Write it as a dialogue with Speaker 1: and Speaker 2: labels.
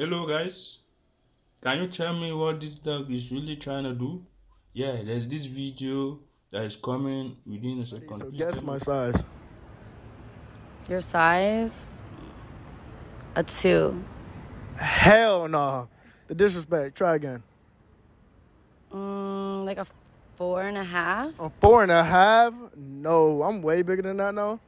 Speaker 1: Hello guys, can you tell me what this dog is really trying to do? Yeah, there's this video that is coming within a second. So guess my
Speaker 2: size.
Speaker 3: Your size?
Speaker 4: A two. Hell no. Nah. The disrespect. Try again.
Speaker 5: Mm, like a four and a half?
Speaker 4: A four and a half? No, I'm way bigger than
Speaker 6: that now.